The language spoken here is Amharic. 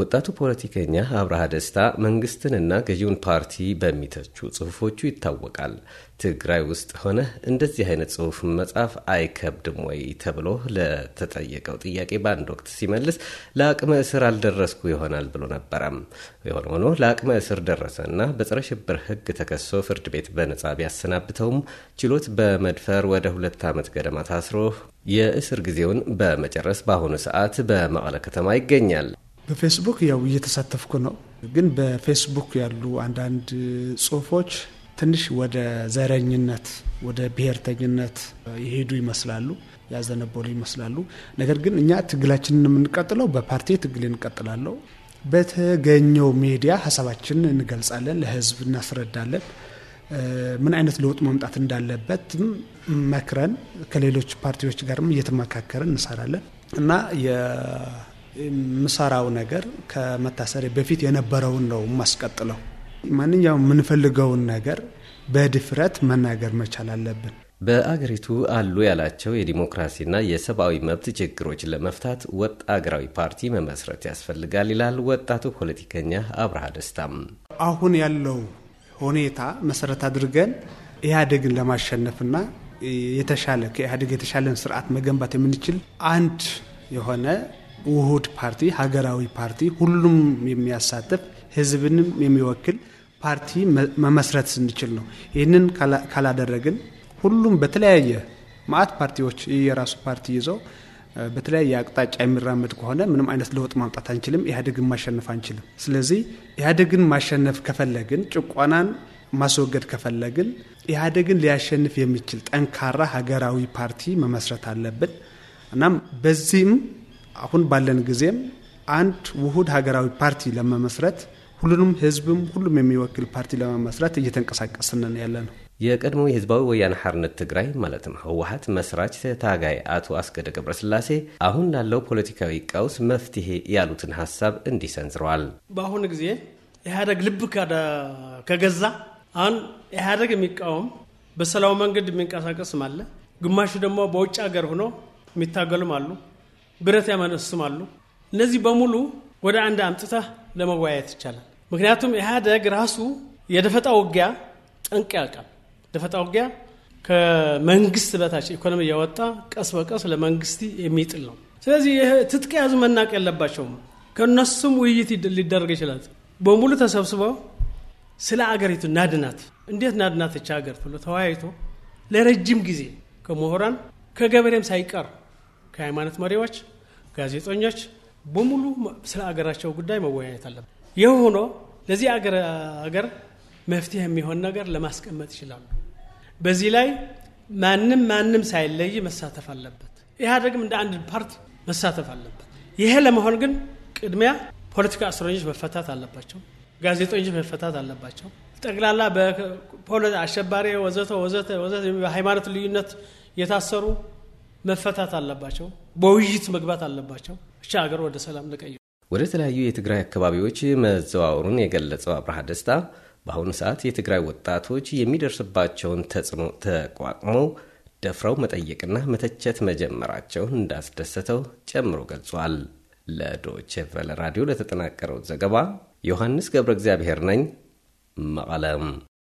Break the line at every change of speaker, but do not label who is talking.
ወጣቱ ፖለቲከኛ አብርሃ ደስታ መንግስትንና ገዢውን ፓርቲ በሚተቹ ጽሁፎቹ ይታወቃል። ትግራይ ውስጥ ሆነ እንደዚህ አይነት ጽሁፍ መጻፍ አይከብድም ወይ ተብሎ ለተጠየቀው ጥያቄ በአንድ ወቅት ሲመልስ ለአቅመ እስር አልደረስኩ ይሆናል ብሎ ነበረም። የሆነ ሆኖ ለአቅመ እስር ደረሰና በጸረ ሽብር ህግ ተከሶ ፍርድ ቤት በነጻ ቢያሰናብተውም ችሎት በመድፈር ወደ ሁለት ዓመት ገደማ ታስሮ የእስር ጊዜውን በመጨረስ በአሁኑ ሰዓት በመቀለ ከተማ ይገኛል።
በፌስቡክ ያው እየተሳተፍኩ ነው። ግን በፌስቡክ ያሉ አንዳንድ ጽሁፎች ትንሽ ወደ ዘረኝነት፣ ወደ ብሔርተኝነት የሄዱ ይመስላሉ፣ ያዘነበሉ ይመስላሉ። ነገር ግን እኛ ትግላችንን የምንቀጥለው በፓርቲ ትግል እንቀጥላለው። በተገኘው ሚዲያ ሀሳባችንን እንገልጻለን፣ ለህዝብ እናስረዳለን። ምን አይነት ለውጥ መምጣት እንዳለበትም መክረን ከሌሎች ፓርቲዎች ጋርም እየተመካከርን እንሰራለን እና የምሰራው ነገር ከመታሰሪ በፊት የነበረውን ነው የማስቀጥለው። ማንኛውም የምንፈልገውን ነገር በድፍረት መናገር መቻል አለብን።
በአገሪቱ አሉ ያላቸው የዲሞክራሲና የሰብአዊ መብት ችግሮችን ለመፍታት ወጥ አገራዊ ፓርቲ መመስረት ያስፈልጋል ይላል ወጣቱ ፖለቲከኛ አብርሃ ደስታም።
አሁን ያለው ሁኔታ መሰረት አድርገን ኢህአዴግን ለማሸነፍና የተሻለ ከኢህአዴግ የተሻለን ስርዓት መገንባት የምንችል አንድ የሆነ ውሁድ ፓርቲ ሀገራዊ ፓርቲ ሁሉም የሚያሳትፍ ህዝብንም የሚወክል ፓርቲ መመስረት ስንችል ነው። ይህንን ካላደረግን ሁሉም በተለያየ ማአት ፓርቲዎች የራሱ ፓርቲ ይዘው በተለያየ አቅጣጫ የሚራመድ ከሆነ ምንም አይነት ለውጥ ማምጣት አንችልም። ኢህአዴግን ማሸነፍ አንችልም። ስለዚህ ኢህአዴግን ማሸነፍ ከፈለግን፣ ጭቆናን ማስወገድ ከፈለግን ኢህአዴግን ሊያሸንፍ የሚችል ጠንካራ ሀገራዊ ፓርቲ መመስረት አለብን። እናም በዚህም አሁን ባለን ጊዜም አንድ ውሁድ ሀገራዊ ፓርቲ ለመመስረት ሁሉንም ህዝብም ሁሉም የሚወክል ፓርቲ ለመመስረት እየተንቀሳቀስንን
ያለ ነው። የቀድሞ የህዝባዊ ወያነ ሐርነት ትግራይ ማለትም ህወሀት መስራች ታጋይ አቶ አስገደ ገብረስላሴ አሁን ላለው ፖለቲካዊ ቀውስ መፍትሄ ያሉትን ሀሳብ እንዲህ ሰንዝረዋል።
በአሁኑ ጊዜ ኢህአደግ ልብ ከገዛ አሁን ኢህአደግ የሚቃወም በሰላሙ መንገድ የሚንቀሳቀስም አለ፣ ግማሹ ደግሞ በውጭ ሀገር ሆኖ የሚታገሉም አሉ። ብረት ያመነስማሉ። እነዚህ በሙሉ ወደ አንድ አምጥተህ ለመወያየት ይቻላል። ምክንያቱም ኢህአደግ ራሱ የደፈጣ ውጊያ ጠንቅ ያውቃል። ደፈጣ ውጊያ ከመንግስት በታች ኢኮኖሚ እያወጣ ቀስ በቀስ ለመንግስት የሚጥል ነው። ስለዚህ ይህ ትጥቅ ያዙ መናቅ የለባቸውም። ከእነሱም ውይይት ሊደረግ ይችላል። በሙሉ ተሰብስበው ስለ አገሪቱ ናድናት እንዴት ናድናት ይቻ ሀገር ብሎ ተወያይቶ ለረጅም ጊዜ ከምሁራን ከገበሬም ሳይቀር ከሃይማኖት መሪዎች፣ ጋዜጠኞች በሙሉ ስለ አገራቸው ጉዳይ መወያየት አለበት። ይህ ሆኖ ለዚህ አገር መፍትሄ የሚሆን ነገር ለማስቀመጥ ይችላሉ። በዚህ ላይ ማንም ማንም ሳይለይ መሳተፍ አለበት። ኢህአዴግም እንደ አንድ ፓርቲ መሳተፍ አለበት። ይሄ ለመሆን ግን ቅድሚያ ፖለቲካ እስረኞች መፈታት አለባቸው። ጋዜጠኞች መፈታት አለባቸው። ጠቅላላ አሸባሪ፣ ወዘተ ወዘተ ወዘተ በሃይማኖት ልዩነት የታሰሩ መፈታት አለባቸው። በውይይት መግባት አለባቸው። እሺ ሀገር ወደ ሰላም ልቀይ
ወደ ተለያዩ የትግራይ አካባቢዎች መዘዋወሩን የገለጸው አብርሃ ደስታ በአሁኑ ሰዓት የትግራይ ወጣቶች የሚደርስባቸውን ተጽዕኖ ተቋቁመው ደፍረው መጠየቅና መተቸት መጀመራቸውን እንዳስደሰተው ጨምሮ ገልጿል። ለዶቼ ራዲዮ ለተጠናቀረው ዘገባ ዮሐንስ ገብረ እግዚአብሔር ነኝ መቐለም